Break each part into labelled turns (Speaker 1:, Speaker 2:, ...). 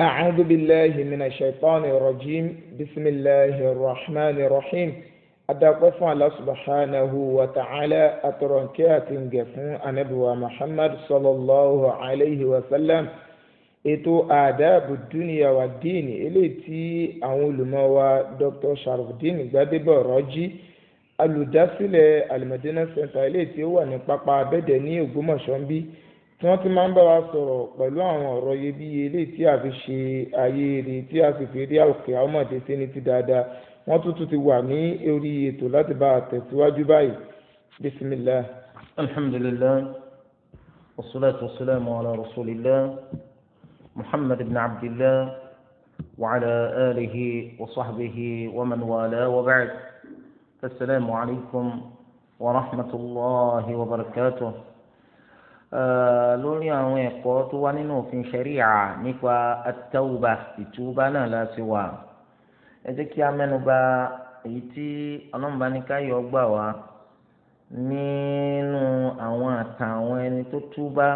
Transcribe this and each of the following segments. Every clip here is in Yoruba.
Speaker 1: أعوذ بالله من الشيطان الرجيم بسم الله الرحمن الرحيم adakpẹ fún Allah subhanahu wa ta'ala atọrọ nkẹ àti ngẹ fún anabiwa muhammad sallallahu alayhi wa sallam ètò àdáàbò dúnìyà wa díìnì eléyìí tí àwọn olùmọ̀ wa dr sharafdin gbadebo rọjí alùdásílẹ̀ alimadina center eléyìí tí ó wà ní pápá abẹ́dẹ̀ ní ògbómọ̀ṣọ́ ń bí tí wọ́n ti máa ń bá wa sọ̀rọ̀ pẹ̀lú àwọn ọ̀rọ̀ iyebíye eléyìí tí a fi ṣe ayé rè tí a sì fi rí àwòkè àwọmọ̀dé sẹ́ni ti dáadáa wọ́n tún ti wà ní orí ètò láti bá a tẹ̀síwájú báyìí bisimilah. alhamdulillah wasalaatu wasalaamu ala rasulillah
Speaker 2: muhammad ibn abdillah wa ala alihi wa sahbihi wa man wala wa ba'd asalaamu alaykum wa rahmatulahi wa barakatuh. Eh, lórí àwọn ẹ̀kọ́ tó wá nínú òfin ṣẹ̀ríà nípa àtàwùbá ìtúbá náà láti wà ẹ jẹ́ kí a mẹ́nuba èyí tí ọlọ́mùbá ní káyọ̀ gbà wá nínú àwọn àtàwọn ẹni tó túbá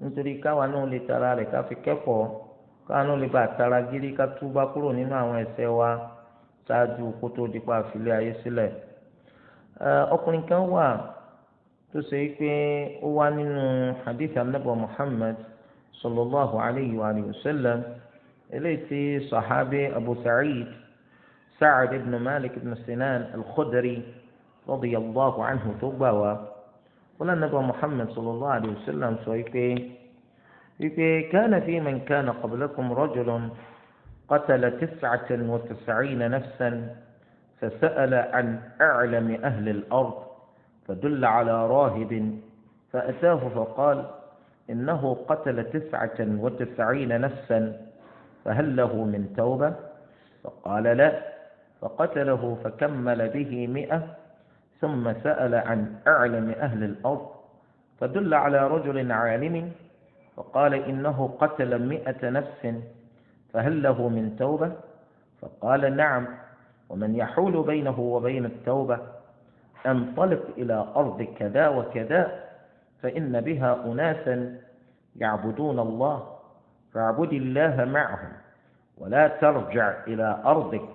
Speaker 2: nítorí káwa náà lè tara rẹ̀ ká fi kẹ́kọ̀ọ́ káwa náà lè bá tara gírí ká túbá kúrò nínú àwọn ẹ̀ṣẹ̀ wa ṣáájú kó tó di pa àfilẹ̀ ayé sílẹ̀ eh, ọkùnrin kan wà. tó ṣe é pé ó wá nínú hadith anabu muhammad sallallahu alayhi wa sallam eléyìí tí sahabi abu sa'id sa'ad ibn malik ibn sinan al-khudri radiyallahu anhu tó gbà wá wọn anabu muhammad sallallahu alayhi wa sallam sọ pé wípé kánà fi man kánà qablakum rajulun qatala tis'atan wa tis'ina nafsan fasa'ala an a'lami ahli al فدل على راهب فأتاه فقال إنه قتل تسعة وتسعين نفسا فهل له من توبة فقال لا فقتله فكمل به مئة ثم سأل عن أعلم أهل الأرض فدل على رجل عالم فقال إنه قتل مئة نفس فهل له من توبة فقال نعم ومن يحول بينه وبين التوبة انطلق إلى أرض كذا وكذا فإن بها أناسا يعبدون الله فاعبد الله معهم ولا ترجع إلى أرضك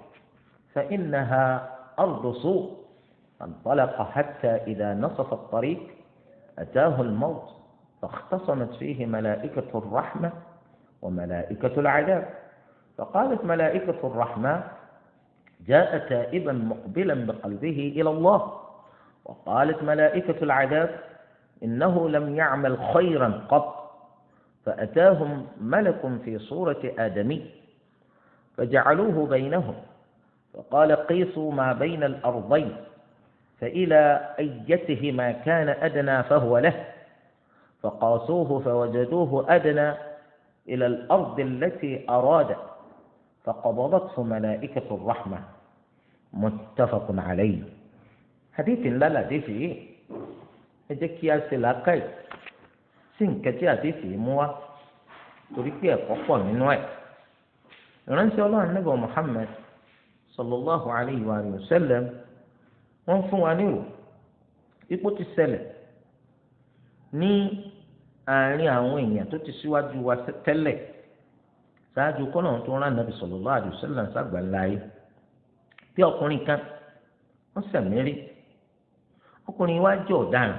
Speaker 2: فإنها أرض سوء فانطلق حتى إذا نصف الطريق أتاه الموت فاختصمت فيه ملائكة الرحمة وملائكة العذاب فقالت ملائكة الرحمة جاء تائبا مقبلا بقلبه إلى الله وقالت ملائكة العذاب إنه لم يعمل خيرا قط فأتاهم ملك في صورة آدمي فجعلوه بينهم فقال قيسوا ما بين الأرضين فإلى أيتهما كان أدنى فهو له فقاسوه فوجدوه أدنى إلى الأرض التي أراد فقبضته ملائكة الرحمة متفق عليه àdéhìí ńlá làdéhìí yìí ẹ jẹ́ kí a ṣe làákàyè sí nǹkan tí àdéhìí mú wá torí pé ẹ̀kọ́ pọ̀ nínú ẹ̀ ìránṣẹ́ ọlọ́run nígbà Muhammad sallallahu alayhi wa sallam wọ́n fún wa ní ìrò ipò ti ṣẹlẹ̀ ní àárín àwọn èèyàn tó ti síwájú wa tẹ́lẹ̀ ṣáájú kọ́nà tó rán nàbì sallallahu alayhi wa sallam ṣàgbà láàyè bí ọkùnrin kan wọ́n sẹ̀mí rí ọkùnrin wa jẹ́ ọ̀daràn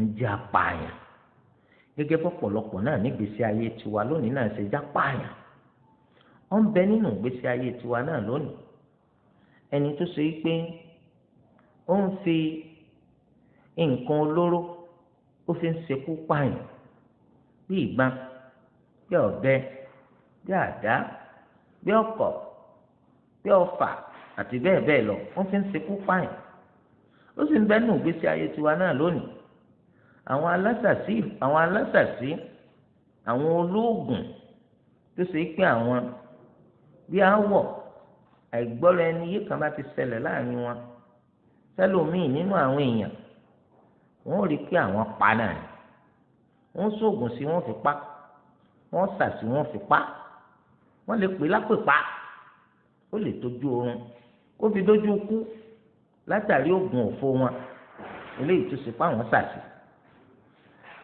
Speaker 2: ń jẹ́ apààyàn gẹ́gẹ́ bọ́pọ̀lọpọ̀ náà aye ayé tiwa lónìí náà ṣe já pààyàn ó ń bẹ nínú ìgbésí ayé tiwa náà lónìí ẹni tó ṣe pé ó ń fi nǹkan olóró ó fi ń ṣekú pààyàn bí ìbọn bí ọ̀bẹ bí àdá bí ọ̀kọ̀ bí ọfà àti bẹ́ẹ̀ bẹ́ẹ̀ lọ ó fi ń ṣekú pààyàn ó sì ń bẹ nù gbèsè ayé tiwa náà lónìí àwọn alásàsí àwọn alásàsí àwọn olóògùn tó ṣe pé àwọn bí àwọ̀ àìgbọ́ra ẹni yìí kan bá ti ṣẹlẹ̀ láàrin wọn sẹ́lòmíì nínú àwọn èèyàn wọ́n rí i pé àwọn pa náà ni wọ́n sóògùn sí wọ́n fi pa wọ́n sà sí wọ́n fi pa wọ́n lè pè lápè pa ó lè tójú oorun ó fi dójú kú látàrí oògùn òfo wọn eléyìí tó ṣe fáwọn sàṣì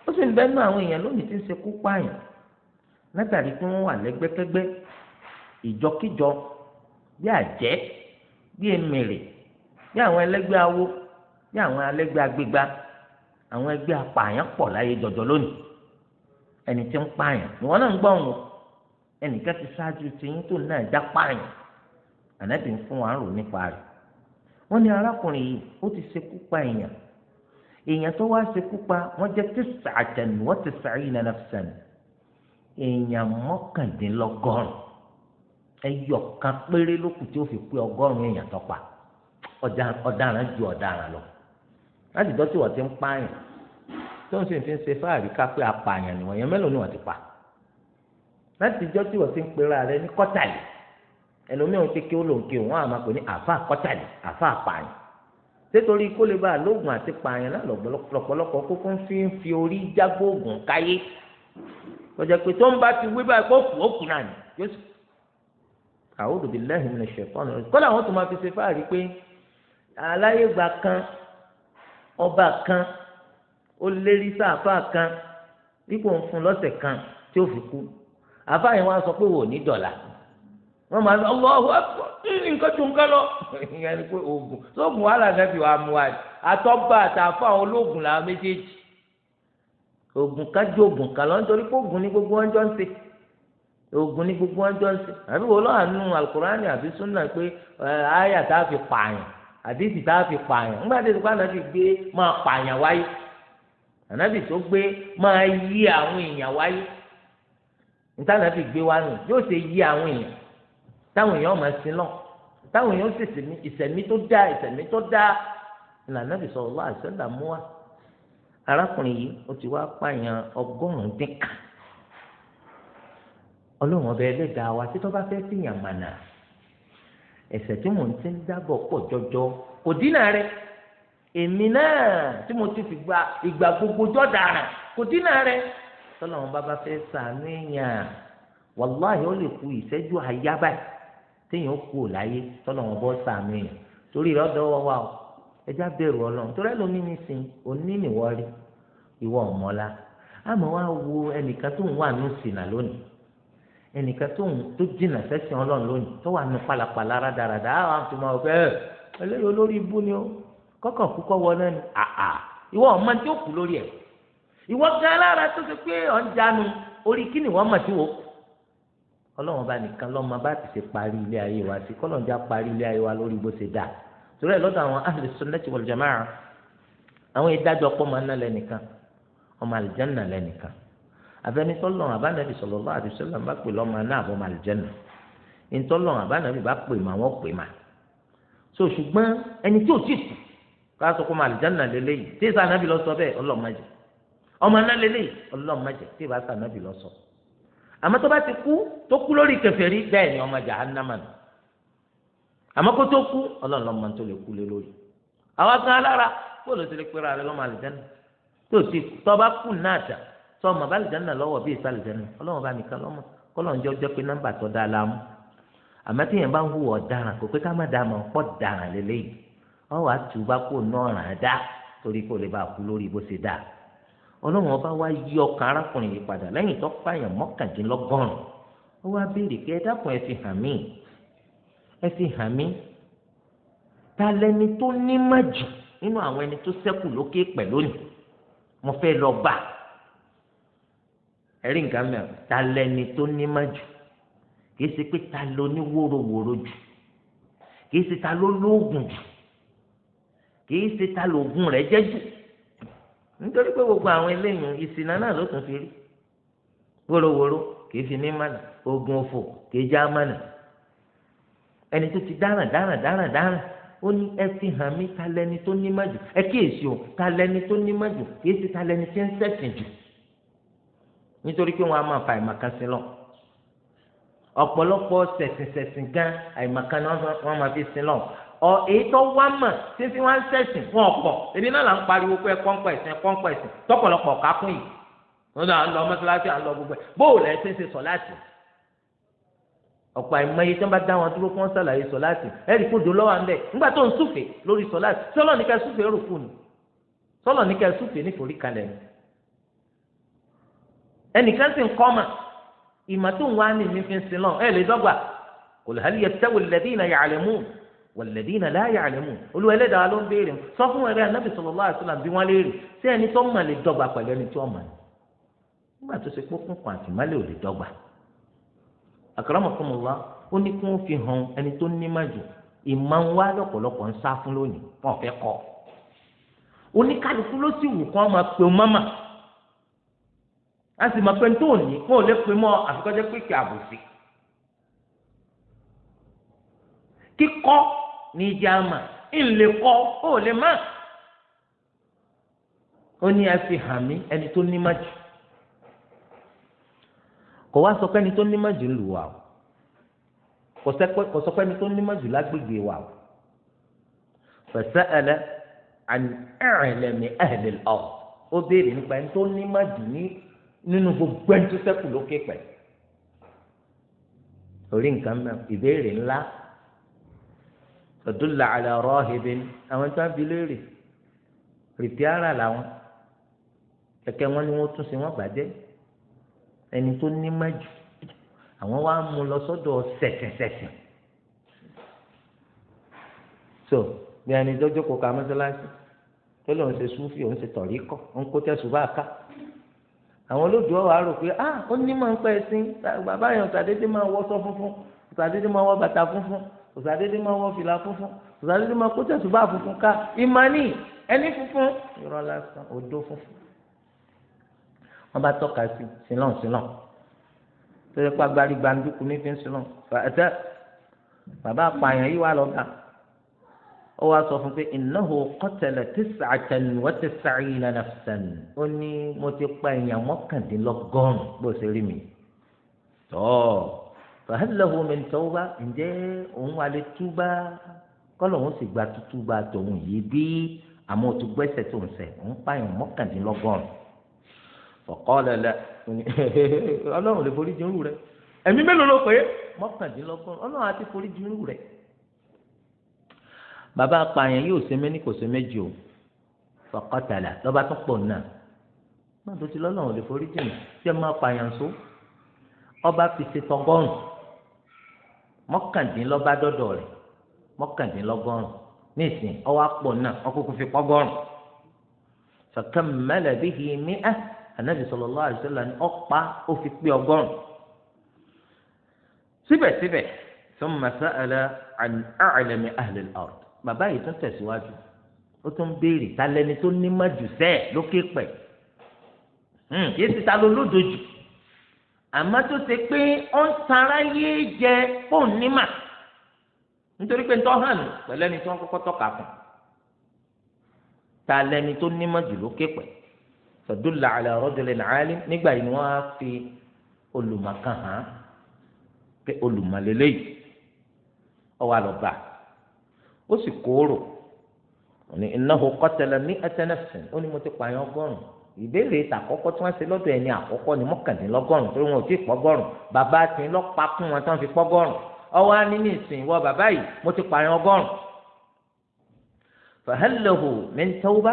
Speaker 2: ó sì ń bẹnu àwọn èèyàn lónìí tí ń ṣe kú pààyàn látàrí tí wọn wà lẹ́gbẹ́kẹ́gbẹ́ ìjọkíjọ bí àjẹ́ bí emèrè bí àwọn ẹlẹ́gbẹ́ awo bí àwọn ẹlẹ́gbẹ́ agbègbà àwọn ẹgbẹ́ apààyàn pọ̀ láyé jọjọ lónìí ẹni tí ń pààyàn ìwọ náà ń gbọ́ òun ẹnìkan ti ṣáájú tiyín tó náà já pààyàn ànábì ń fún wa ń rò nípa rẹ̀ wọ́n ní arákùnrin yìí ó ti ṣekú pa èèyàn èèyàn tó wá ṣekú pa wọ́n jẹ́ tis'atan wa tis'ina nafsan èèyàn mọ́kàndínlọ́gọ́rùn ẹyọ kan péré ló kù tí ó fi pé ọgọ́rùn èèyàn tó pa ọ̀daràn ju ọ̀daràn lọ láti dọ́tí wọ́n ti ń pààyàn tó ń sìn fi ń ṣe fáàrí ká pé apààyàn nìwọ̀n yẹn mélòó ni wọ́n ti pa láti dọ́tí wọ́n ti ń pera rẹ ní kọ́tàlì ẹlòmíràn kékeré ó lò ń ké wọn àmà pé ní àfa àkọ́tàlì àfa àpààyàn sétorí kó lè bá a lóògùn àti pààyàn náà lọ́pọ̀lọpọ̀ kókó ń fi ń fi orí jágbóògùn káyé kọjá pé tó ń bá ti wí báyìí kó kù ó kù náà ni yóò sì a'udhu billahi minash shaitani kọ́lá àwọn tó máa fi ṣe fáàrí pé aláyégbà kan ọba kan ó lérí sáàfà kan dípò ń fún lọ́sẹ̀ kan tí ó fi kú àfáàyàn wa sọ pé wò ní dọ̀là wọ́n máa lọ Allahu Akbar nǹkan tó nǹkan lọ ìyẹn ni pé oògùn sóògùn wàhálà nàbì wà mú wa àtọ́gbà àtàfà àwọn olóògùn làwọn méjèèjì oògùn kájú oògùn kan lọ nítorí pé oògùn ní gbogbo wọn jọ ń ṣe oògùn ní gbogbo wọn jọ ń ṣe àbí wọ́n lọ́wọ́ àánú alukurani àbí sunna pé àyà tá a fi pààyàn àdìsí tá a fi pààyàn ńgbà tó ti pa ànábì gbé máa pààyàn wáyé ànábì tó gbé máa yí àwọn èèyàn wáyé níta ànábì gbé wá nù yóò ṣe yí àwọn èèyàn táwọn èèyàn máa sin náà táwọn èèyàn sì sèmi ìsẹ̀mí tó dá ìsẹ̀mí tó dá ìlànà bí sọ̀rọ̀ wá àṣẹ́dá mú wa arákùnrin yìí ó ti wá pààyàn ọgọ́rùn-ún dín kan ọlọ́run ọbẹ̀ ẹlẹ́dàá wa títọ́ bá fẹ́ fìyàn mànà ẹ̀ṣẹ̀ tí mò ń ti ń dábọ̀ pọ̀ jọjọ kò dínà rẹ èmi náà tí mo ti fi gba ìgbà gbogbo jọ̀dàrà kò dínà rẹ tọ́lọ́run bá bá fẹ́ sàánú èèyàn wàláhì ó lè ku ìṣẹ́jú àyà báyìí téèyàn kú ò láyé tọ́lọ̀ wọn bọ́ sàánú èèyàn torí ìrọ́dọ̀ wọ́n wà ó ẹja bẹ̀rù ọlọ́run torí ẹ lómi ní sin òní nìwọ́rí ìwọ ọ̀mọ́lá àmọ́ wá wo ẹnìkan tó ń wà ní ìsìnà lónìí ẹnìkan tó ń tó jìnnà sẹ́sìn ọlọ́run lónìí tó wà ní pàlàpàlà rádaràdà àwọn àti ọmọ ọ̀fẹ́ ẹ̀ ẹlẹ́yìn olórí ibú ni ó kọ́kàn kú kọ́ wọlé ni àà ìwọ ọmọ tí ó kú lórí ẹ̀ ìwọ gan alára tó ṣe pé ọ̀ ń jánu orí kí ni wọ́n mọ̀ tí wọ́n ọlọ́run bá nìkan lọ́mọ bá ti ṣe parí ilé ayé wa sí kọ́lọ́n já parí ilé ayé wa lórí bó ṣe dáa torí ẹ̀ lọ́dọ̀ àwọn ahlu sunnati wal jamaa àwọn ìdájọ́ pọ́ máa ń ná lẹ́nìkan ọmọ àlìjánà lẹ́nìkan abẹ́nitọ́lọ́run àbánabi sallallahu alaihi wasallam bá pè lọ́mọ náà bọ́ ọmọ àlìjánà ìtọ́lọ́run àbánabi bá pè mà wọ́n pè mà so ṣùgbọ́n ẹni tí ò tí kù ká sọ pé ọmọ àlìjánà lélẹ́yìí tí ìsànàbì lọ sọ bẹ́ẹ̀ ọlọ́mọdé ọmọ náà lélẹ́yìí ọlọ́mọdé tí ìbá sànàbì lọ sọ àmọ́ tó bá ti kú tó kú lórí kèfèrí bẹ́ẹ̀ ni ọmọ jahannama nù àmọ́ kó tó kú Ọlọ́run lọmọ tó lè kú lé lórí àwa kan alára bóòlù ti lè pera rẹ lọmọ àlìjáná tó ti tọba kù náà dà tọ ọmọ bá àlìjáná lọ́wọ́ bí èso àlìjáná Ọlọ́run bá nìkan lọmọ kọlọrun jẹ ọjọ́ pé nọ́mbà tó dáa la mú àmọ́ tí yẹn bá ń hùwà ọ̀daràn kò pé ká má dáa mọ pọ dàrán lélẹyìí ọwọ́ àtúbà náà ràn án dá torí kò lè bá kú lórí bó ṣe dáa ọlọ́run ọba wá yí ọkàn arákùnrin yìí padà lẹ́yìn tó pààyàn mọ́kàndínlọ́gọ́rùn ó wá béèrè pé ẹ dákun ẹ fi hàn mí ẹ fi hàn mí ta lẹni tó nímọ̀ jù nínú àwọn ẹni tó ṣẹ́kù lókè pẹ̀ lónìí mo fẹ́ lọ bá ẹ̀rí nǹkan mẹ́rin ta lẹni tó nímọ̀ jù kìí ṣe pé ta ló ní wóróworó jù kìí ṣe ta ló lóògùn jù kìí ṣe ta lóògùn rẹ̀ jẹ́ jù. nítorí pé gbogbo àwọn eléyìí ìsìnà náà ló tún fi rí wóróworó kì í fi ní mánà ogun òfò kì í já mánà ẹni tó ti dáràn dáràn dáràn dáràn ó ní ẹ fi hàn mí ta lẹni tó ní má jù ẹ kíyèsí o ta lẹni tó ní má jù kì í ti ta lẹni tí ń ṣẹ̀sìn jù nítorí pé wọn á máa fa fi sin ọ èyí tó wá mà títí wọn ń sẹ̀sìn wọn ọ̀pọ̀ ebi náà là ń pariwo pé kọ́ńpọ̀ ẹ̀sìn kọ́ńpọ̀ ẹ̀sìn tọ́pọ̀lọpọ̀ kákún yìí wọn náà ń lọ mọ́sálásí à ń lọ gbogbo ẹ̀ bóòlù ẹ̀ ṣeéṣe sọ láti ọ̀pọ̀ àìmọye tí wọ́n bá dá wọn dúró kí wọ́n ṣàlàyé sọ láti ẹ̀rí kó dolọ́ wa ń bẹ̀ nígbà tó ń súfè lórí sọ láti sọ́lọ́ ní ká súfè rúkú ni sọ́lọ́ ní ká súfè nítorí kalẹ̀ ni ẹnìkan sì ń kọ́ mà ìmọ̀ tó ń wá ní mi fi ń sin lọ ẹ̀ lè dọ́gba kò lè hàlìyẹ tẹ́wò lẹ́dí ìnáyà àlẹ́ mú un wàlẹ́dínà láàyè àlẹ́mù olúwa ẹlẹ́dàá ló ń béèrè sọ fún ẹ̀rẹ́ anábì sallallahu alaihi wasallam bí wọ́n léèrè sí ẹni tó mọ̀ lè dọ́gba pẹ̀lú ẹni tó mọ̀ nígbà tó ṣe pé kúnkún àti ìmọ̀lẹ́ ò lè dọ́gba. akramakumullah ó ní kí wọ́n fi hàn ẹni tó ní má jù ìmọ̀ ń wá lọ́pọ̀lọpọ̀ ń sá fún lónìí wọn ò kọ́ oníkálukú ló sì wù kán ní ìjà àmà ńlẹ kọ ó lè má ó ní ẹ fi hàn mí ẹni tó ní má jù kò wá sọ pé ẹni tó ní má jù ń lù wá o kò sọ pé ẹni tó ní má jù lágbègbè wá o fẹsẹ̀ẹ́lẹ̀ ẹ̀rẹ̀lẹ̀mí ẹ̀hẹ̀lẹ̀ ọ̀ ó béèrè nípa ẹni tó ní má jù ní nínú gbogbo ẹni tó sẹ́kù lókè pẹ̀ orí nǹkan mẹ́rin ìbéèrè ńlá tọdúlà àlẹ ọ̀rọ̀ ọhìnbí àwọn tí wọn fi léèrè rìpíárà làwọn kẹ̀kẹ́ wọn ni wọn tún sí wọn bàjẹ́ ẹni tó ní mẹjù àwọn wa mú lọ sọ́dọ̀ sẹsẹsẹsẹ so bí ẹni tó jókòó ká mọ́sálásí tó lóun ṣe súfì òun ṣe tọ̀rí kọ́ òun kó tẹ̀sùn bá a ká àwọn olódùú ọ̀wà rò pé ah ó ní mọ̀ ń pẹ́ sí bàbá yẹn tàdédé máa wọ sọ funfun tàdédé máa wọ bàtà funfun òsàdédé máa wọ fìlà funfun òsàdédé máa kó tẹ̀sùbá funfun ká ìmánì ẹni funfun irọ́ lásán òdo funfun wọ́n bá tọ́ka sí sílọ̀ sílọ̀ tó yẹ kó agbárí gbàǹdùkú nífẹ̀ẹ́ sílọ̀ fàtẹ́ bàbá apààyàn yìí wà lọ́gàá ó wá sọ fún pé innahu qatala tis'atan wa tis'ina nafsan ó ní mo ti pa èèyàn mọ́kàndínlọ́gọ́rùn-ún bó ṣe rí mi tọ́ fàhálà omi tọ́wọ́ ǹjẹ́ òun wà lè túbà kọ́lọ̀ òun sì gba túbà tòun yìí bí àmọ́ tó gbẹ́sẹ̀ tó ń sẹ̀ òun pààyàn mọ́kàndínlọ́gọ́rùn fọ̀kọ́lẹ̀lẹ̀ ọlọ́run lè forí jírú rẹ̀ ẹ̀mí mélòó ló pé mọ́kàndínlọ́gọ́rùn ọlọ́run àti forí jírú rẹ̀ bàbá apààyàn yóò ṣe méní kò ṣe méjì o fọ̀kọ́tàlà lọ́ba tó pọ̀ náà náà tó ti lọ́lọ́run lè forí jírú jẹ́ máa pààyàn só ọba fi ṣe tọgọ́rùn-ún mọ́kàndínlọ́gba dọ́dọ̀ rẹ̀ mọ́kàndínlọ́gọ́rùn nísìn ọwọ́ àpò náà ọkùnkù fi pọ́gọ́rùn fakammala bihi mi'a anabi sallallahu alaihi wasallam ni ọ̀pá ó fi pé ọgọ́rùn síbẹ̀síbẹ̀ thumma sa'ala an a'lami ahli al-ard bàbá yìí tún tẹ̀síwájú ó tún béèrè talẹ́ni tó ní má jù sẹ́ẹ̀ lókè pẹ̀ hmm, kí esi ta ló lódojù. àmọ́ tó ṣe pé ó ń tara yé jẹ fóun nímà nítorí pé ń tọ́ hàn mí pẹ̀lú ẹni tó ń kọ́kọ́ tọ́ka ta lẹni tó nímọ̀ jù lókè pẹ̀ fadúlà àlẹ́ ọ̀rọ̀dẹ̀lẹ̀ nàálí nígbà yìí fi olùmọ̀kan hàn pé olùmọ̀lélẹ́ yìí ọwọ́ àlọ́ba ó sì kóòrò òní innahu qatala mi'ata nafsin ó ní mo ti pààyàn ọgọ́rùn ìbéèrè ìtàkọ́kọ́ tí wọ́n ṣe lọ́dọ̀ ẹni àkọ́kọ́ ni mọ́kàndínlọ́gọ́rùn torí wọn ò tí ì pọ́gọ́rùn bàbá ti ń lọ́pa fún wọn tí wọ́n fi pọ́gọ́rùn ọwọ́ á ní ní ìsìn ìwọ bàbá yìí mo ti pààyàn ọgọ́rùn. fàhálẹ́hù mẹ́ńtẹ́wúbá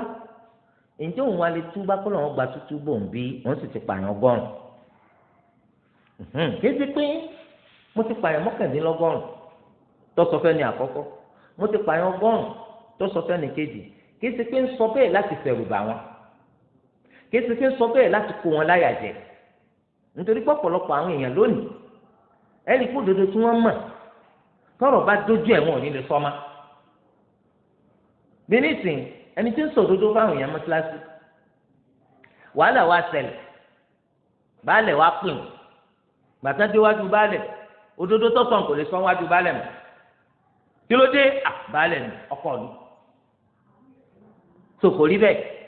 Speaker 2: ǹjẹ́ òun wa lè túbá kó lọ́wọ́ gba tútú bòun bí òun sì ti pààyàn ọgọ́rùn. kéde pé mo ti pààyàn mọ́kàndínlọ́gọ́rùn tó sọ fẹ́ni àkọ́kọ́ mo ti pààyàn ọgọ́rùn tó sọ fẹ́ni kejì kéde pé ń sọ bẹ́ẹ̀ láti fẹ̀rù bà wọn kéésì ké sọ bẹ́ẹ̀ láti kó wọn láyà jẹ nítorí pọ̀pọ̀lọpọ̀ àwọn èèyàn lónìí ẹ̀rí kó dodo tí wọ́n mọ̀ tọ́rọ̀ bá dójú ẹ̀ wọn ò ní lè sọ́mà bí nísìn ẹni tí ń sọ òdodo fáwọn èèyàn mọ́tíláṣí wàhálà wa ṣẹlẹ̀ baálẹ̀ wa pè wọ́n gbàtà dé wájú baálẹ̀ òdodo tọ́sán kò lè sọ wájú baálẹ̀ mọ́ kí ló dé à baálẹ̀ ni ọkọ bẹ́ẹ̀.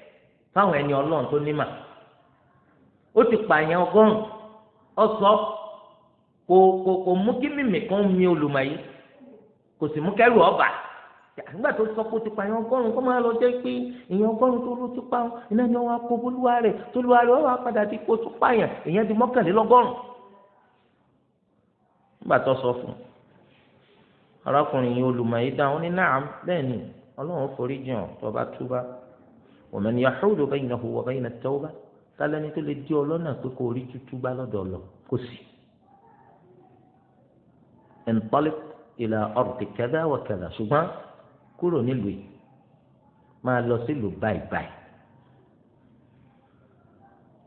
Speaker 2: fáwọn ẹni ọlọ́run tó nímà ó ti pààyàn ọgọ́rùn ọsọ kò kò kò mú kí mímì kan mi olùmọ̀ yìí kò sì mú kẹrù ọba àgbà tó sọ pé ti pa ọgọ́rùn-ún kó máa lọ jẹ́ pé ọgọ́rùn pa iná ni wọ́n á kó rẹ̀ tó lu ara wọn padà kó tó pààyàn ومن يحول بينه وبين التوبة قال أن تقول لدي أولونا كوري تتوبة لدولو كسي انطلق إلى أرض كذا وكذا شوفا كورو نلوي ما لوسيلو باي باي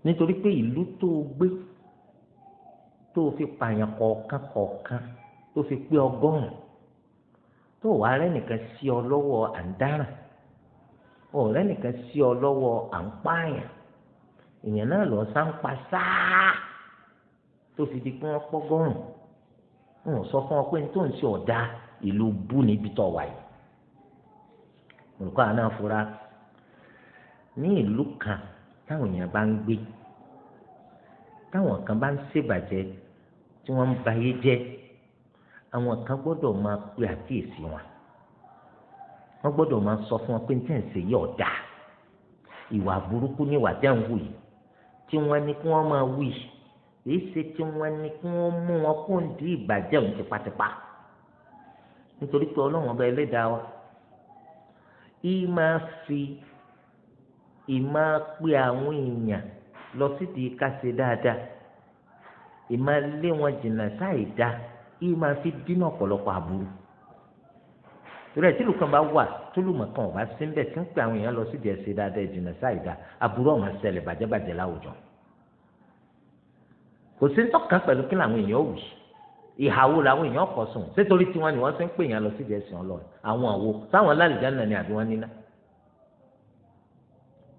Speaker 2: nítorí pé ìlú tó o gbé tó o fi pààyàn kọ̀ọ̀kan kọ̀ọ̀kan tó o fi pé ọgọ́rùn-ún tó o wá rẹ́ sí ọ lọ́wọ́ àǹdáràn ọ̀rẹ́ nìkan sí ọ lọ́wọ́ à ń pààyàn èèyàn náà lọ sá ń pa sáá tó fi di pé wọ́n pọ́gọ́rùn wọn sọ fún ọ pé ní tó ń ṣe ọ̀dà ìlú bú níbi tó wà yìí olùkọ́ àná fura ní ìlú kan táwọn èèyàn bá ń gbé táwọn kan bá ń ṣèbàjẹ́ tí wọ́n ń bayé jẹ́ àwọn kan gbọ́dọ̀ máa pe àkíyèsí wọn wọ́n gbọ́dọ̀ máa sọ fún wọn pé nítorí ṣe yí ọ̀dà ìwà burúkú ní ìwà dẹ́hùn wù yìí tí wọ́n ní kí wọ́n máa wù yìí èyí ṣe tí wọ́n ní kí wọ́n mú wọn kó ń di ìbàjẹ́ òun tipátipá nítorí pé ọlọ́run ọba ẹlẹ́dàá wa yìí máa fi ìmá pé àwọn èèyàn lọ sídìí káṣe dáadáa ìmá lé wọn jìnnà sáì dá yìí máa fi dínà ọ̀pọ̀lọpọ̀ àbúrò torí ẹ tí lùkàn bá wà tólùmọ̀ kan ò bá sí ń bẹ̀ tí ń pè àwọn èèyàn lọ sí ìdíyẹsẹ̀ dáadáa ìdìnnà sáìdá aburú ọ̀mọ̀ ṣẹlẹ̀ bàjẹ́bàjẹ́ láwùjọ kò sí tọ́kàn pẹ̀lú kí làwọn èèyàn wù ìhàwó làwọn èèyàn kọ̀ sùn sétorí tiwọn ni wọ́n ti ń pè èèyàn lọ sí ìdíyẹsẹ̀ ọlọ́run àwọn àwo táwọn lálìjáná ni àbí wọ́n níná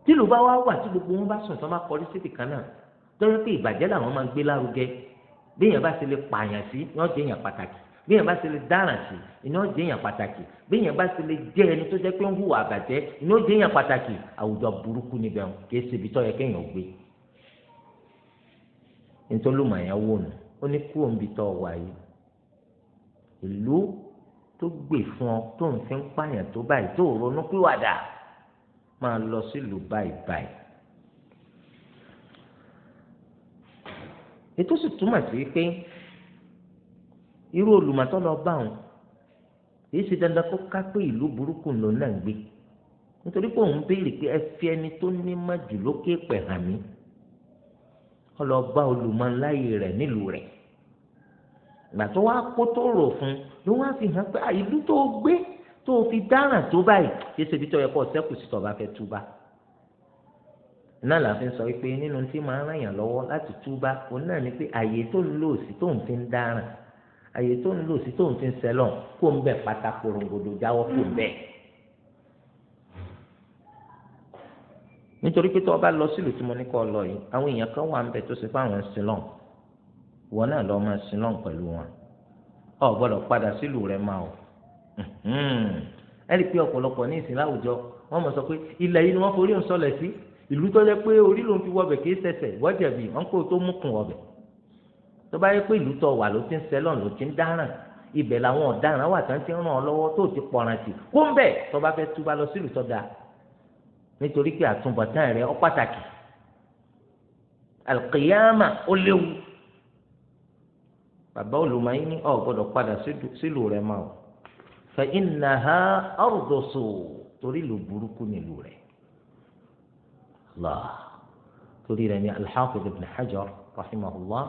Speaker 2: tílù bá wá wà tí gbogbo wọn bá sùn tán bá kọrí síbi kan náà tọ́jú pé ìbàjẹ́ làwọn máa ń gbé lárugẹ bí bí èèyàn bá ṣe lè dáràn sí iná jẹ́ èèyàn pàtàkì bí èèyàn bá ṣe lè jẹ́ ẹni tó jẹ́ pé ń hùwà àbàjẹ́ iná jẹ́ èèyàn pàtàkì àwùjọ burúkú níbẹ̀ ń kì í ṣe ibi tó yẹ kéèyàn gbé ntọ́lùmọ̀ yẹn wò nù ó ní kú òǹbí tó wà yìí ìlú tó gbè fún ọ tó ń fi ń pààyàn tó báyìí tó ronú pìwàdà máa lọ sílùú báyìí báyìí. ètò sì túmọ̀ sí pé irú olùmọ̀tọ́ lọ bá òun èyí ṣe dandan kó ká pé ìlú burúkú ló náà gbé nítorí pé òun béèrè pé ẹ fi ẹni tó ní má jù lókè pẹ̀ hàn mí ọlọ́ba olùmọ̀láyè rẹ̀ nílùú rẹ̀ ìgbà tó wá kó tó rò fún ló wá fi hàn pé ìlú tó gbé tó fi dáràn tó báyìí kí ṣe bí tó yẹ kó sí tó fẹ́ túbá náà la fi sọ pé nínú tí máa ràn yàn lọ́wọ́ láti túbá òun náà ni pé àyè tó ń lò sí tó ń fi ń dáràn àyè tó ń lò sí tóun ti ń sẹlọ̀ kó ń bẹ̀ pátá korongodo jáwọ́ kó ń bẹ̀. nítorí pé tó o bá lọ sílùú tí mo ní kó o lọ yìí àwọn èèyàn kan wà ń bẹ tó ṣe fún àwọn sílọ̀n wọn náà lọ́ọ́ máa sílọ̀n pẹ̀lú wọn o gbọ́dọ̀ padà sílùú rẹ máa o ẹ rí i ọ̀pọ̀lọpọ̀ ní ìsìn láwùjọ wọ́n mọ̀ sọ pé ilẹ̀ yìí ni wọ́n forí òun sọlẹ̀ sí ìlú tó jẹ́ pé orí lòun fi wọbẹ̀ tó bá yẹ pé ìlú tó wà ló ti ń sẹlọ̀n ló ti ń dáràn ibẹ̀ làwọn ọ̀daràn wà tán ti ń ràn ọ́ lọ́wọ́ tó ti pọ̀ràn sí kó ń bẹ̀ tó bá fẹ́ túbá lọ sílùú tó dáa nítorí pé àtúbọ̀tán rẹ̀ ó pàtàkì alqiyama ó léwu bàbá olùmọ̀ọ́yìn ní ọ̀ gbọ́dọ̀ padà sílùú rẹ̀ máa o fa innaha torí ìlú burúkú nílùú rẹ̀ lọ́ọ̀ torí rẹ̀ ní alḥafiz ibn hajar rahimahullah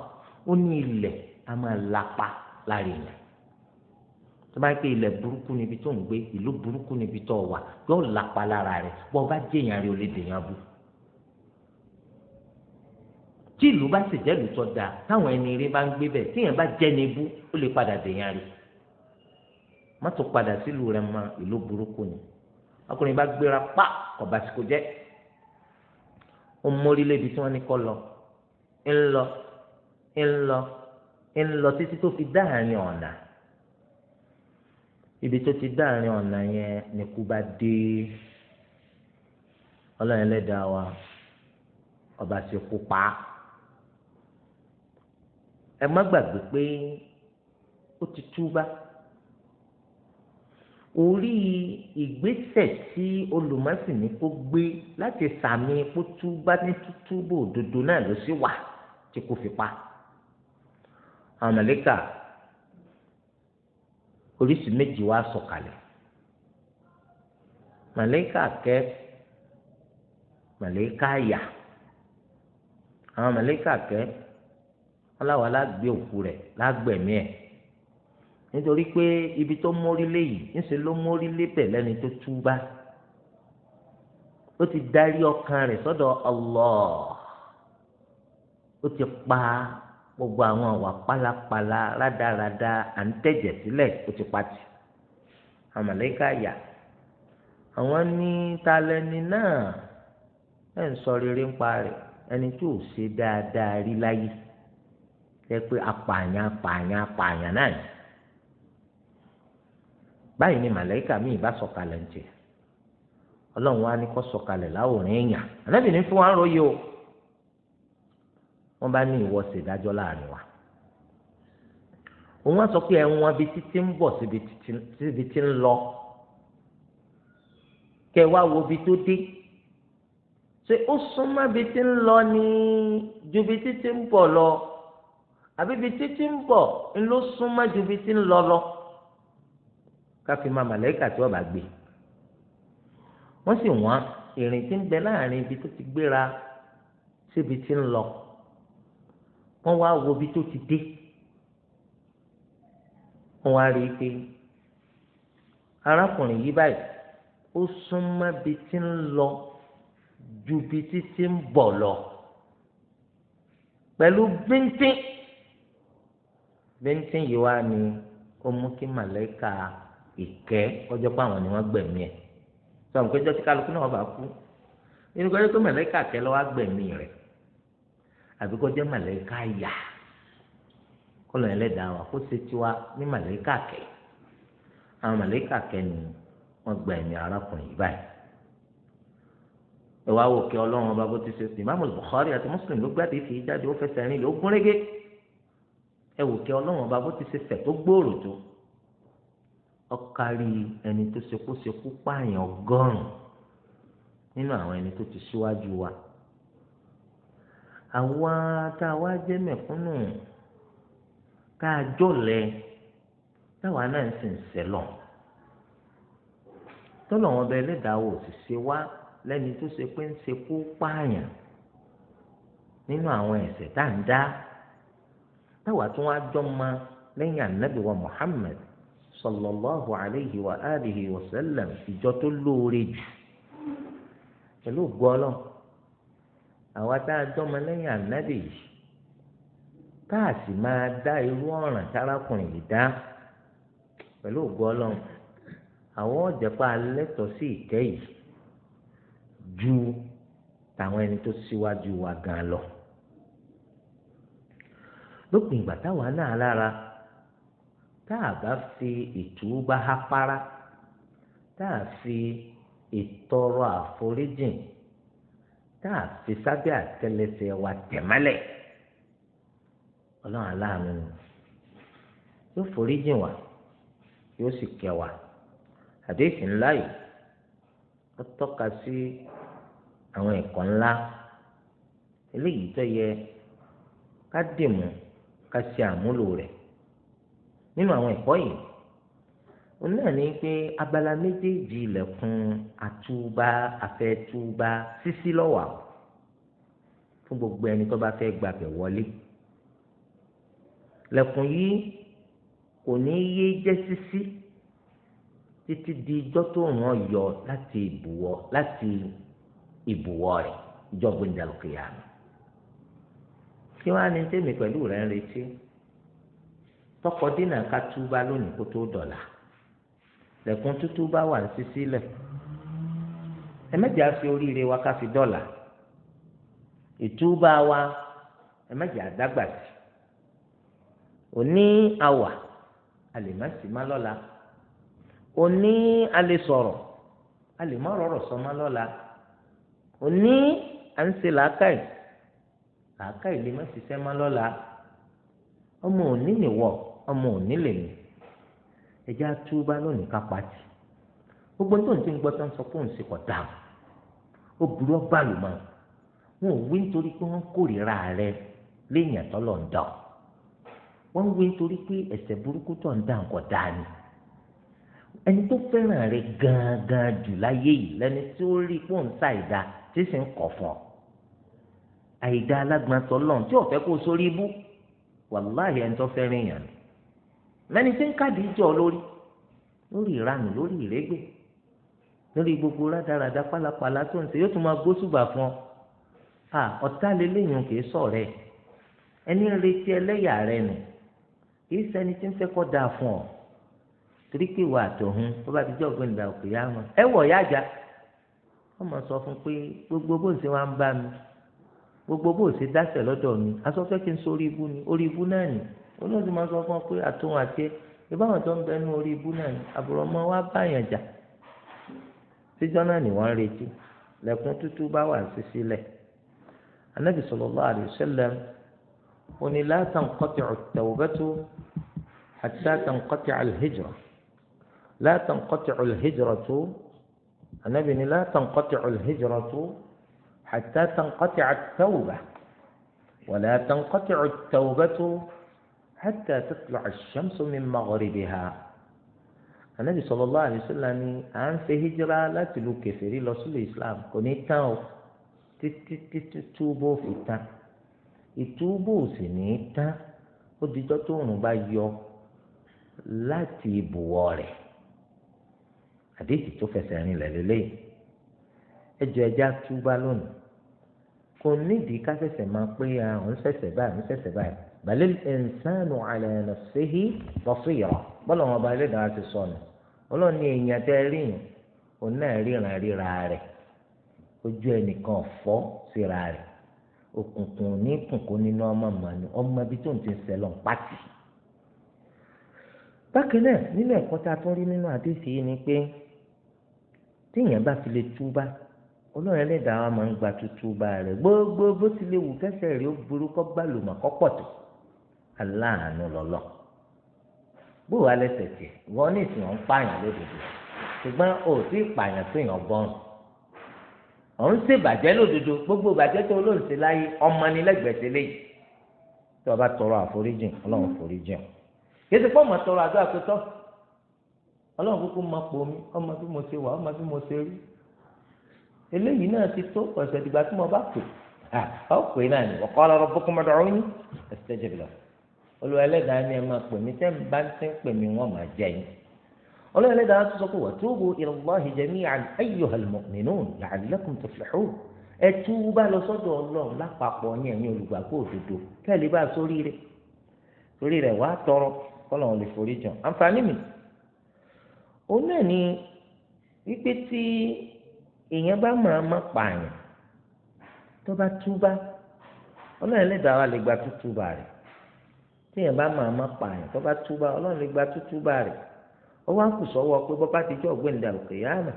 Speaker 2: ó ní ilẹ̀ a máa lapa lára èèyàn tó bá pé ilẹ̀ burúkú níbi tó ń gbé ìlú burúkú níbi tó wà yóò lapa lára rẹ̀ bọ́ bá jẹ́yàn rí o lè dèyàn bú tí ìlú bá sì jẹ́lu tó dáa táwọn ẹni rí bá ń gbé bẹ̀ tíyẹn bá jẹ́ni bú ó lè padà dèyàn rí má tó padà sílùú rẹ̀ mọ́ ìlú burúkú ni ọkùnrin bá gbéra pa ọ̀básíkò jẹ́ ó mórí lébi tí wọ́n ní kọ́ lọ ń lọ ńlọ ńlọ títí tó fi dáàrin ọ̀nà ibi tó ti dáàrin ọ̀nà yẹn ni kú bá dé ọlọ́run ẹlẹ́dàá wa ọba ti kú pa á ẹ má gbàgbé pé ó ti túbá orí ìgbésẹ̀ tí olùmọ̀sìnì kó gbé láti sàmì kó túbá ní tútúbò òdodo náà ló sì wà tí kò fi pa á. Amalika, màlàíkà oríṣi méjì wá sọ̀kalẹ̀ Malika kẹ́ malika yà àwọn màlàíkà kẹ́ aláwa lágbé òkú rẹ̀ lágbẹ̀mí ẹ̀ nítorí pé ibi tó mórí lé yìí níṣẹ́ ló mórí lé bẹ̀ lẹ́ni tó túbá ó ti darí ọkàn rẹ̀ sọ́dọ̀ Allah ó ti pa gbogbo àwọn àwà pálapàla rádaràda à ń tẹ̀jẹ̀ sílẹ̀ ó ti pati àmàlẹ́kà yà àwọn ní talẹ́ni náà ẹ̀ ń sọ rere ń pa rẹ̀ ẹni tí ò ṣe dáadáa rí láyé jẹ́ pé apààyàn apààyàn apààyàn náà ni báyìí ni màlẹ́kà mi ì sọ̀kalẹ̀ ń jẹ ọlọ́run wa ni kó sọ̀kalẹ̀ láwòrán èèyàn ànábìíní fún wa ń ròyìn o wọ́n bá ní ìwọ ṣèdájọ́ láàrin wa òun á sọ pé ẹ̀wọ̀n bíi títí ń bọ̀ síbi tí ń lọ kẹ wá wo bíi tó dé ṣé ó súnmọ́ bíi tí ń lọ ní ju bíi títí ń bọ̀ lọ àbí bíi títí ń bọ̀ ń ló súnmọ́ ju bíi tí ń lọ lọ káfí máa màlẹ́kà tí wọ́n bá gbé wọ́n sì wọ́n ìrìn tí ń bẹ láàrin ibi tó ti gbéra síbi tí ń lọ wọ́n wá wo ibi tó ti dé wọ́n wá rí i pé arákùnrin yìí báyìí ó súnmọ́ bí ti ń lọ ju bí ti ti ń bọ̀ lọ pẹ̀lú bíntín bíntín yìí wá ní ó mú kí màlẹ́kà ìkẹ́ ọjọ́ pé àwọn ni wọ́n gbẹ̀mí ẹ̀ sọ̀rọ̀ pé jọ́sí kálukú náà bá kú nínú kọjá pé màlẹ́kà kẹ́ lọ́wọ́ gbẹ̀mí rẹ̀ àbí kó jẹ́ màlẹ́kà yà kọlọ ẹlẹ́dàá wa kó ṣe tiwa ní màlẹ́kà kẹ àwọn màlẹ́kà kẹ ni wọ́n gba ẹ̀mí arákùnrin yìí báyìí ẹ wá wò kí ọlọ́run ọba bó ti ṣe sí imáàmù Bukhari àti Muslim ló gbàdé fi jáde ó fẹsẹ̀ rìn lé ó gún régé ẹ wò kí ọlọ́run ọba bó ti ṣe fẹ̀ tó gbòòrò tó ọkàrí ẹni tó ṣekúṣekú pààyàn ọgọ́rùn nínú àwọn ẹni tó ti ṣíwájú wa àwa tá a wá jẹ́ mẹ̀kúnnù tá a jọ̀lẹ̀ táwa náà ń sìn sẹ́lọ̀ tọ́lọ̀ wọn bẹ ẹlẹ́dàá wò sì ṣe wá lẹ́ni tó ṣe pé ń ṣe kó pààyàn nínú àwọn ẹ̀ṣẹ̀ tá à ń dá táwa tó wá jọ ma lẹ́yìn ànábì wa Muhammad sallallahu alayhi wa alihi wa sallam ìjọ tó lóore jù pẹ̀lú gbọ́lọ́ àwa tá a ànábì yìí tá a sì máa dá irú ọ̀ràn tárakùnrin yìí dá pẹ̀lú ògo ọlọ́run àwọn ọ̀jẹ̀pá alẹ́tọ̀ọ́ sí ìkẹ́ yìí ju tàwọn ẹni tó síwájú wa gan lọ lópin ìgbà táwa náà lára tá a bá fi ìtúbà hápára tá a fi ìtọrọ àforíjìn tá a fi sábẹ́ àtẹ́lẹsẹ̀ wa tẹ̀mọ́lẹ̀ ọlọ́run aláàánú yóò forí jìn wá yóò sì kẹ́ wa àdéhùn ńlá yìí ó tọ́ka sí àwọn ẹ̀kọ́ ńlá eléyìí tó yẹ ká dìmú ká ṣe àmúlò rẹ̀ nínú àwọn ẹ̀kọ́ yìí òun náà ní pé abala méjèèjì ilẹ̀kùn àtúbà àfẹ́túbà sísí lọ́wọ́ fún gbogbo ẹni tó bá fẹ́ gbàgbẹ́ wọlé lẹ̀kùn yìí kò ní yé jẹ́ sísí títí di ijọ́ tó ràn yọ láti ìbùwọ̀ láti ìbùwọ̀ rẹ̀ ìjọ gbẹ̀ndàlùkìyà mi kí wọ́n á ní tèmi pẹ̀lú rẹ̀ ń retí tọkọ dínà ká túbà lónìí kó tó dọ̀la lẹ̀kùn tútù bá wà ní sísí lẹ̀ ẹ mẹ́jẹ̀ á fi oríire wa ká fi dọ́là ìtúbà wa ẹ mẹ́jẹ̀ á dágbà sí òní àwà a lè má sì má lọ́la òní a lè sọ̀rọ̀ a lè má sọ má lọ́la òní à làákàyè làákàyè lè má má lọ́la ọmọ òní nìwọ ọmọ òní lèmi ẹjẹ́ àtúbá lónìí ká pàtì gbogbo tó ń ti ń gbọ́ tó ń sọ fóun sí kọ̀ dáa ó burú ọba lò mọ́ wọn ò wí nítorí pé wọ́n kórìíra rẹ léèyàn tọ́lọ̀ ń dà wọ́n wí nítorí pé ẹ̀ṣẹ̀ burúkú tó ń dà ń kọ̀ dáa ni ẹni tó fẹ́ràn rẹ gangan jù láyé yìí lẹni tí ó rí pé òun ìdá tí sì ń kọ̀ fún ọ àìdá alágbọ̀n tọ́lọ̀ tí ò fẹ́ kó sórí ibú wàláhì ẹni tó fẹ́ràn èèyàn ni lẹ́ni tí ń káàdì ìjọ lórí lórí ìranù lórí ìrẹ́gbẹ̀ lórí gbogbo rádaràda pálapàla tó ń ṣe yóò tún máa gbósùbà fún ọ à ọ̀tá lélẹ́yìn kì í sọ̀rẹ́ ẹni retí ẹlẹ́yà rẹ nù kì í ṣẹni tí ń fẹ́ kọ́ da fún ọ torí pé ìwà àtọ̀hún tó bá ti jẹ́ ọ̀gbìn ìgbà òkè yá mọ́ ẹ wọ̀ yájà wọ́n mọ̀ sọ fún pé gbogbo bó ń ṣe wá ń bá mi gbogbo bó ń ṣe dáṣẹ̀ lọ́dọ̀ mi asọ́fẹ́ kí n sọ orí ibú ni orí ibú náà nì olóòtú máa sọ fún ọ pé àtòhún àti ìbáwọn tó ń bẹ ní orí ibú náà ni àbúrò ọmọ wa báyàn jà síjọ́ náà ni wọ́n retí lẹ́kùn tútù bá wà sí sílẹ̀ anabi sallallahu alaihi wasallam òní la tanqati'u at-tawbatu hatta tanqati'a al-hijra la tanqati'u al anabi ni la tanqati'u al-hijratu hatta tanqati'a at-tawba wa la tanqati'u at hatta tatla ash-shamsu min maghribiha anabi sallallahu alaihi wasallam ni à ń ṣe hijira láti lu kèfèrí lọ sílùú islam kò ní tán o títí títí túbọ̀ fi tán ìtúbọ̀ ò sì ní tán ó dijọ́ tó òrùn bá yọ láti ibùwọ̀ rẹ̀ àdéhìí tó fẹsẹ̀ rìn lẹ́lẹ́lẹ́yìn ẹjọ́ ẹja túbá lónìí kò nídìí ká ṣẹ̀ṣẹ̀ máa pé à ń ṣẹ̀ṣẹ̀ báyìí ń ṣẹ̀ṣẹ̀ báyìí بل الإنسان على نفسه basira بل هو bá ẹlẹ́dàá ti sọnù ọlọ́ọ̀ni èèyàn tẹ́ rí yìí òun náà ríran ríra rẹ̀ ojú ẹnìkan fọ́ síra rẹ̀ òkùnkùn ní kùnkùn nínú ọmọ màánu ọmọ ibi tó ń ti sẹlọ̀ ń pàtì. bákan náà nínú ẹ̀kọ́ tá a tún rí nínú àdéhùn yìí ni pé téèyàn bá fi lè túbá ọlọ́run ẹlẹ́dàá máa ń gba tútúbá rẹ̀ gbogbo bó ti lè wù kẹsẹ̀ rẹ̀ ó burú kọ́ gbàlùmọ̀ kọ́ pọ̀ tó aláàánú lọ́lọ́ bó wàá lẹ́sẹ̀ tì wọ́n ní ìsìn ọ̀hún pààyàn lódodo ṣùgbọ́n o ò sí pààyàn tó yàn bọ́ọ̀n ọ̀hún ṣèbàjẹ́ lódodo gbogbo ìbàjẹ́ tó lóun ṣe láyé ọmọ ni lẹ́gbẹ̀ẹ́sẹ̀ léyìí tí wọ́n bá tọrọ àforíjìn ọlọ́run foríjìn kìí ṣe pé ọmọ tọrọ àdó àpótọ́ ọlọ́run kúkú máa pò mí ọmọ bí mo ṣe wà ọmọ bí mo ṣe rí eléyìí náà ti tó ọ̀sẹ̀ ìdìgbà tí mo bá pè ọ́ pè náà ni ọ̀kọ́ ọlọ́run bókú mọ́tò ọ̀hún ní ẹ̀sìtẹ́jẹ̀ bìlọ̀ olùwà ẹlẹ́dàá ni ẹ máa pè mí bá ti ń pè mí wọ́n máa jẹ yín olùwà ẹlẹ́dàá tó sọ pé watubu ẹ lọ sọ́dọ̀ Ọlọ́run lápapọ̀ ní olùgbàgbọ́ òdodo kẹ́lí bá sórí rẹ̀ sórí rẹ̀ wàá tọrọ lè forí jàn àǹfààní mi ni wípé tí èèyàn bá máa má pààyàn tó bá túbà Ọlọ́run ẹlẹ́dàá téèyàn bá máa má pààyàn tó bá túbà ọlọ́run lè gba tútúbà rẹ̀ ó wá kù sọ́wọ́ ti jọ́ gbẹ̀ǹdà òkè yáàmà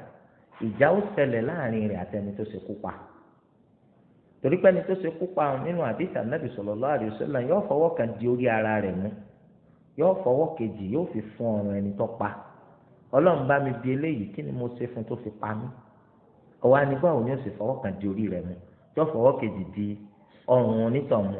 Speaker 2: ìjà ó ṣẹlẹ̀ láàrin rẹ̀ àtẹni tó ṣe kú pa torí pé ẹni tó ṣe kú pa nínú àdìsí ànábì sallallahu alaihi yóò fọwọ́ kan di orí ara rẹ̀ mú yóò fọwọ́ kejì yóò fi fún ọrùn ẹni tó pa ọlọ́run bá mi bi eléyìí kí ni mo ṣe fún tó fi pa mí ọwọ́ sì kan di orí rẹ̀ mú yóò fọwọ́ kejì di onítọ̀ mú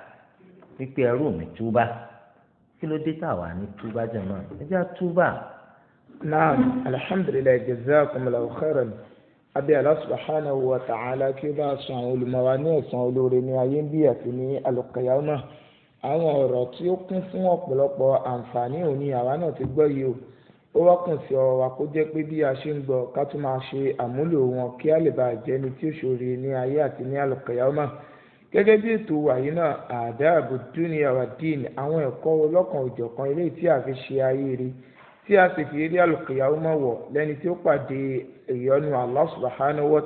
Speaker 2: wípé ẹrú mi túbá kí ló dé táwa ní túbá jẹmọ ẹjẹ
Speaker 1: túbá. naam alhamdulilayi jazakumullahu khairan abi Allah subhanahu wa ta'ala kí ó bá a sọ àwọn olùmọ̀wá ní ẹ̀sán olóore ní ayé ń bí àti ní alùkàyámà àwọn ọ̀rọ̀ tí ó kún fún ọ̀pọ̀lọpọ̀ àǹfààní òní àwa náà ti gbọ́ yìí o ó wákùn sí ọ̀rọ̀ wa kó jẹ́ pé bí a ṣe ń gbọ́ ká tún máa ṣe àmúlò wọn kí á lè bàa jẹ́ ni tí ó ṣòro ní ayé àti ní alùkàyámà gẹ́gẹ́ bí ètò wàyí náà àdáàbò dúnìá wa díìnì àwọn ẹ̀kọ́ ọlọ́kan òjọ̀kan eléyìí tí a fi ṣe ayé rí tí a sì fi rí àlùkìyàwó mọ̀ wọ̀ lẹ́ni tí ó pàdé ìyọ́nú Allah subhanahu wa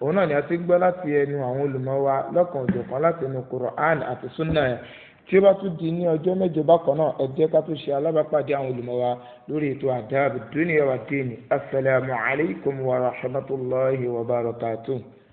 Speaker 1: òun náà ni a ti gbọ́ láti ẹnu àwọn olùmọ̀ wa lọ́kan láti ẹnu Qur'an àti sunna ẹ̀ tí ó bá tún di ní ọjọ́ mẹ́jọ bákan náà ẹ jẹ́ ká tún ṣe alábàápàdé àwọn olùmọ̀ lórí ètò àdáàbò dúnìá wa díìnì assalamu